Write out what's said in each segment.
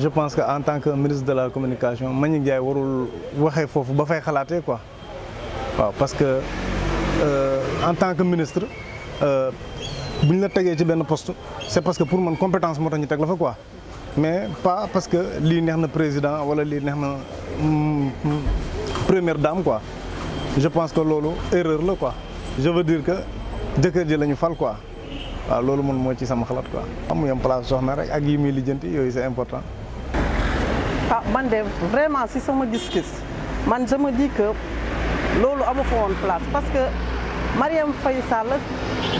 je pense qu'en tant que ministre de la communication Mbagnick Ndiaye warul waxee faire ba fay xalaatee quoi parce que euh, en tant que ministre si euh, ñu la tegee poste c'est parce que pour mon compétence moo tax ñu la quoi mais pas parce que je suis le président ou la mm, mm, première dame quoi je pense que une erreur quoi je veux dire que jëkkër ji la ñu fal quoi C'est ce que je ci sama xalaat quoi. am mu place soxna rek ak c'est important. Ah, vraiment si sama me discute. man je me dis que loolu amu fa place parce que Mariam Faye d'abord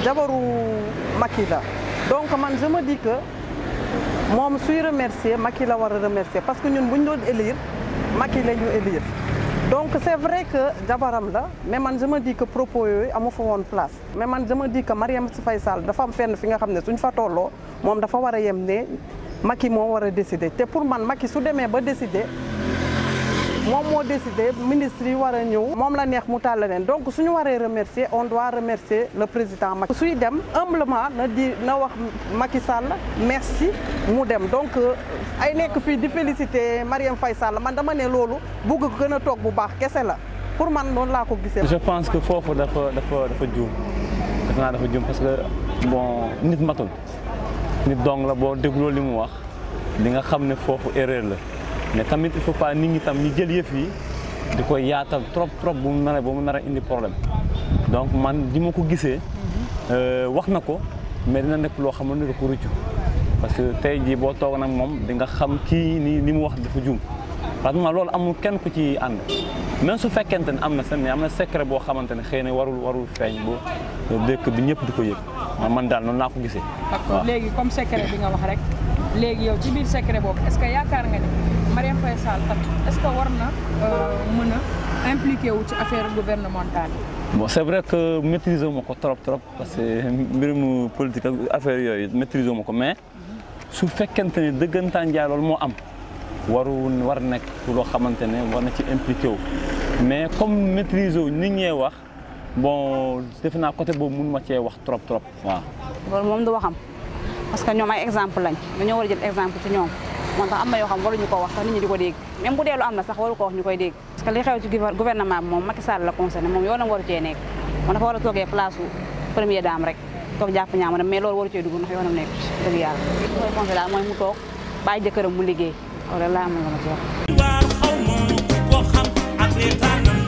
jabaru Macky donc man je me dis que moi je suis remercié Makila va remercier parce que ñun bu ñu élire Makila nous élire donc c'est vrai que jabaram la mais man je me dis que propos a amu fa place mais man je me dis que Mariam Faye Sall dafa am fenn fi nga xam ne suñ fa tolloo moi dafa yem Macky mo wara a décider te pour man Macky su démé ba décider mom mo décider ministre wara war mom la neex mu tàll leen donc suñu waree remercier on doit remercier le président Macky. suy dem humblement na di na wax Macky Sall merci mu dem donc euh, ay nekk fi di féliciter Mariem Faye Sall man dama né lolu bugg ko gëna tok bu baax kese la pour man noonu la ko gissé je pense que fofu dafa dafa dafa djum dafa dafa djum parce que bon nit matul. ni dong la boo dégloo li mu wax li nga xam ne foofu erreur la mais tamit il faut pas nit ñi tam ñu jël yëf yi di ko yaatal trop trop bu mu naree ba mu nar indi problème donc man di ma ko gisee euh, wax na ko mais dina nekk loo xamante ne da ko rëccu parce que tey jii boo toog nag moom di nga xam kii nii li mu wax dafa jum ma loolu amul kenn ku ci ànd même su fekkente ne am na seen mais am na secret boo xamante ne xëy ne warul warul feeñ bu dëkk bi ñëpp di ko yëg man dal non laa ko gisee. waaw léegi comme secret bi nga wax rek légui yow ci biir secret boobu est-ce que yakar nga ni mariam Faye Sall tam est-ce que warna euh meuna a impliqué wu ci affaire gouvernementale bon c'est vrai que maîtriser mako trop trop parce que mbirum politique affaire yoy maîtriser mako mais su fekkente ni dëggantaan jaay loolu mo am waru war nekk loo xamante ne war na ci impliqué wu mais comme maîtriser wu nit ñee wax. bon defe naa côté boobu mënu ma cee wax trop trop waaw. loolu moom du waxam parce que ñoom ay exemple lañ dañoo war a jël exemple ci ñoom moo tax am na yoo xam waruñu ko wax sax nit ñi ko dégg même bu dee lu am na sax waru ñu koy dégg. parce que li xew ci gouvernement bi moom Macky war a toogee place su première dame rek toog jàpp ñaama mais loolu war cee dugg ndax yoonam nekk dëgg yàlla. li ñu koy conseillé daal mu toog bàyyi jëkkëram liggéey loolu